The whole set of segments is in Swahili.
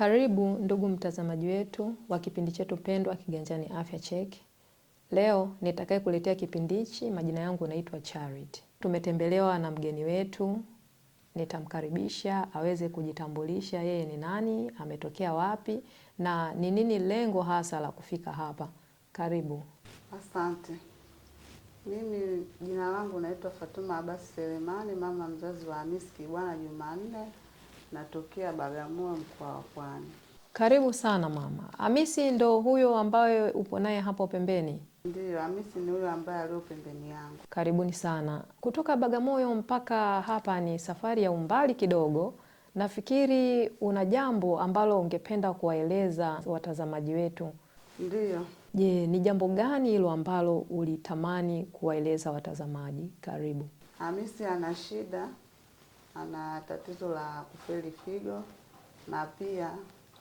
Karibu ndugu mtazamaji wetu wa kipindi chetu pendwa Kiganjani Afya Check. Leo nitakaye kuletea kipindi hichi, majina yangu naitwa Charity. Tumetembelewa na mgeni wetu, nitamkaribisha aweze kujitambulisha, yeye ni nani, ametokea wapi na ni nini lengo hasa la kufika hapa. Karibu. Asante. Mimi jina langu naitwa Fatuma Abbas Selemani, mama mzazi wa Hamisi Kibwana Jumanne natokea Bagamoyo, mkoa wa Pwani. Karibu sana mama. Hamisi ndo huyo ambaye upo naye hapo pembeni? Ndiyo, Hamisi ni huyo ambaye alio pembeni yangu. Karibuni sana. Kutoka Bagamoyo mpaka hapa ni safari ya umbali kidogo. Nafikiri una jambo ambalo ungependa kuwaeleza watazamaji wetu. Ndiyo. Je, ni jambo gani hilo ambalo ulitamani kuwaeleza watazamaji? Karibu. Hamisi ana shida ana tatizo la kufeli figo na pia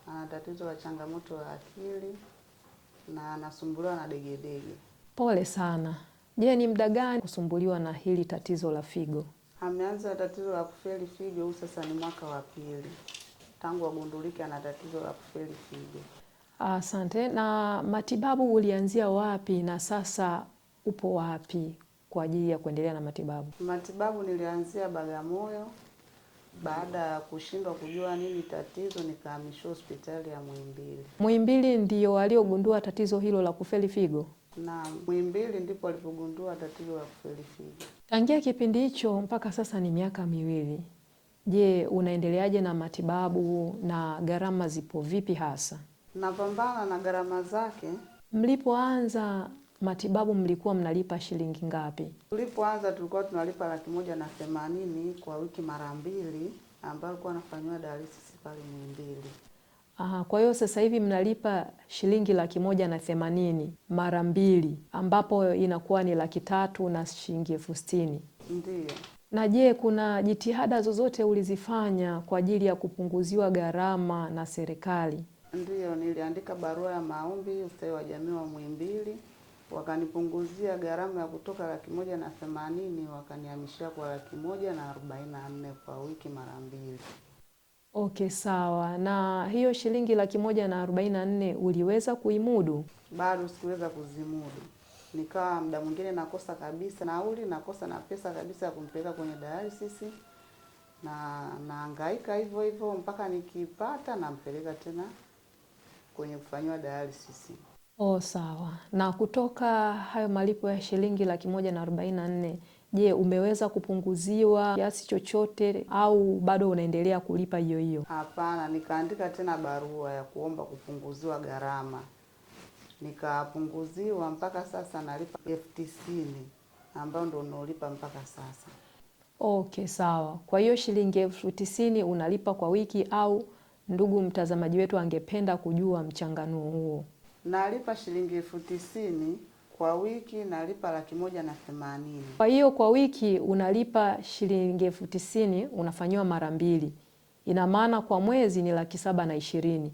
ana tatizo la changamoto ya akili na anasumbuliwa na degedege. Pole sana. Je, ni muda gani kusumbuliwa na hili tatizo la figo? Ameanza tatizo la kufeli figo, huu sasa ni mwaka wa pili tangu agundulike ana tatizo la kufeli figo. Asante. Na matibabu ulianzia wapi na sasa upo wapi kwa ajili ya kuendelea na matibabu? Matibabu nilianzia Bagamoyo. Baada ya kushindwa kujua nini tatizo, nikahamishwa hospitali ya Muhimbili. Muhimbili ndio aliogundua tatizo hilo la kufeli figo? Naam, Muhimbili ndipo alipogundua tatizo la kufeli figo. Tangia kipindi hicho mpaka sasa ni miaka miwili. Je, unaendeleaje na matibabu na gharama zipo vipi hasa? Napambana na gharama zake. Mlipoanza matibabu mlikuwa mnalipa shilingi ngapi? Tulipoanza tulikuwa tunalipa laki moja na themanini kwa wiki mara mbili, ambayo alikuwa anafanyiwa dialysis pale Muhimbili. Aha, kwa hiyo sasa hivi mnalipa shilingi laki moja na themanini mara mbili, ambapo inakuwa ni laki tatu na shilingi elfu sitini. Ndiyo. Na je, kuna jitihada zozote ulizifanya kwa ajili ya kupunguziwa gharama na serikali? Ndiyo, niliandika barua ya maombi ustawi wa jamii wa Muhimbili wakanipunguzia gharama ya kutoka laki moja na themanini wakanihamishia kwa laki moja na arobaini na nne kwa wiki mara mbili. Okay, sawa. Na hiyo shilingi laki moja na arobaini na nne uliweza kuimudu? Bado sikuweza kuzimudu, nikawa muda mwingine nakosa kabisa nauli, nakosa na pesa kabisa ya kumpeleka kwenye dialysis, na naangaika hivyo hivyo mpaka nikipata nampeleka tena kwenye kufanyiwa dialysis. Oh, sawa. Na kutoka hayo malipo ya shilingi laki moja na arobaini na nne, je, umeweza kupunguziwa kiasi chochote au bado unaendelea kulipa hiyo hiyo? Hapana, nikaandika tena barua ya kuomba kupunguziwa gharama, nikapunguziwa. Mpaka sasa nalipa elfu tisini ambayo ndo unaolipa mpaka sasa. Okay, sawa. Kwa hiyo shilingi elfu tisini unalipa kwa wiki au? Ndugu mtazamaji wetu angependa kujua mchanganuo huo nalipa shilingi elfu tisini kwa wiki nalipa laki moja na themanini. Kwa hiyo kwa wiki unalipa shilingi elfu tisini unafanyiwa mara mbili, ina maana kwa mwezi ni laki saba na ishirini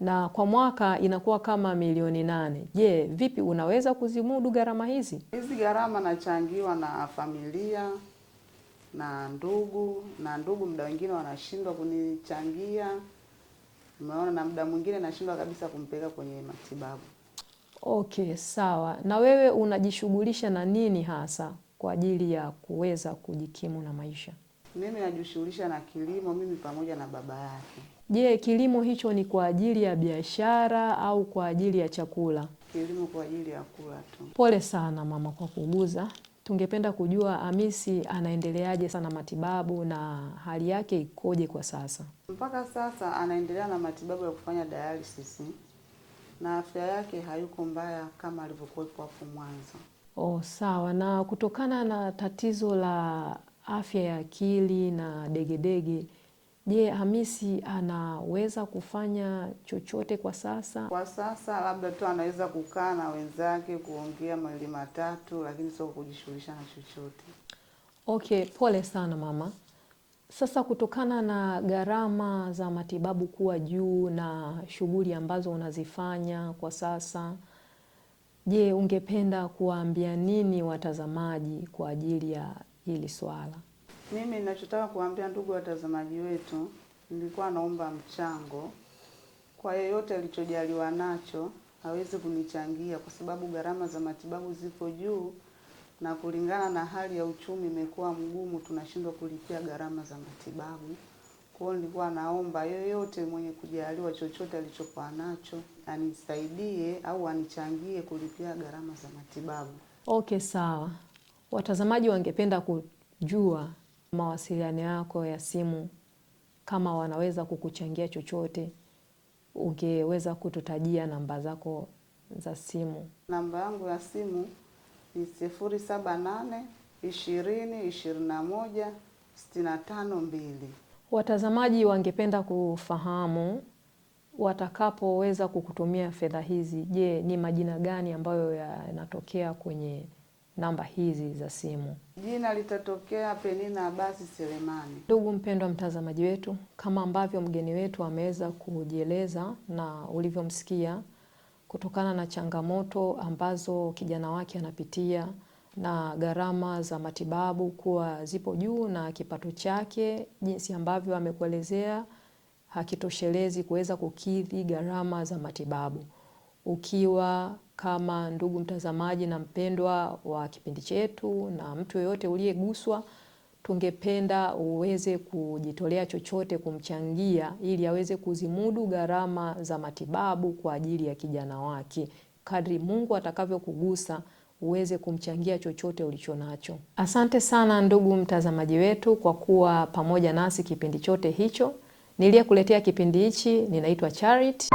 na kwa mwaka inakuwa kama milioni nane. Je, vipi unaweza kuzimudu gharama hizi? Hizi gharama nachangiwa na familia na ndugu, na ndugu muda wengine wanashindwa kunichangia. Umeona, na muda mwingine nashindwa kabisa kumpeleka kwenye matibabu. Okay, sawa. Na wewe unajishughulisha na nini hasa kwa ajili ya kuweza kujikimu na maisha? Mimi najishughulisha na kilimo, mimi pamoja na baba yake. Je, kilimo hicho ni kwa ajili ya biashara au kwa ajili ya chakula? Kilimo kwa ajili ya kula tu. Pole sana mama kwa kuuguza. Tungependa kujua Hamisi anaendeleaje sana matibabu na hali yake ikoje kwa sasa? Mpaka sasa anaendelea na matibabu ya kufanya dialysis na afya yake hayuko mbaya kama alivyokuwepo hapo mwanzo. Oh, sawa. Na kutokana na tatizo la afya ya akili na degedege Je, Hamisi anaweza kufanya chochote kwa sasa? Kwa sasa labda tu anaweza kukaa na wenzake kuongea mawili matatu, lakini sio kujishughulisha na chochote. Okay, pole sana mama. Sasa kutokana na gharama za matibabu kuwa juu na shughuli ambazo unazifanya kwa sasa, je, ungependa kuwaambia nini watazamaji kwa ajili ya hili swala? Mimi ninachotaka kuambia ndugu watazamaji wetu, nilikuwa naomba mchango kwa yeyote alichojaliwa nacho aweze kunichangia, kwa sababu gharama za matibabu zipo juu na kulingana na hali ya uchumi imekuwa mgumu, tunashindwa kulipia gharama za matibabu. Kwa hiyo nilikuwa naomba yeyote mwenye kujaliwa chochote alichokuwa nacho anisaidie au anichangie kulipia gharama za matibabu. Okay, sawa. Watazamaji wangependa kujua mawasiliano yako ya simu, kama wanaweza kukuchangia chochote, ungeweza kututajia namba zako za simu? Namba yangu ya simu ni sifuri saba nane ishirini ishirini na moja sitini na tano mbili. Watazamaji wangependa kufahamu watakapoweza kukutumia fedha hizi, je, ni majina gani ambayo yanatokea kwenye namba hizi za simu. Jina litatokea Penina Abasi Selemani. Ndugu mpendwa mtazamaji wetu, kama ambavyo mgeni wetu ameweza kujieleza na ulivyomsikia kutokana na changamoto ambazo kijana wake anapitia na gharama za matibabu kuwa zipo juu na kipato chake jinsi ambavyo amekuelezea hakitoshelezi kuweza kukidhi gharama za matibabu ukiwa kama ndugu mtazamaji na mpendwa wa kipindi chetu na mtu yoyote uliyeguswa, tungependa uweze kujitolea chochote kumchangia ili aweze kuzimudu gharama za matibabu kwa ajili ya kijana wake. Kadri Mungu atakavyokugusa uweze kumchangia chochote ulicho nacho Asante sana ndugu mtazamaji wetu kwa kuwa pamoja nasi kipindi chote hicho. Niliyekuletea kipindi hichi ninaitwa Charity.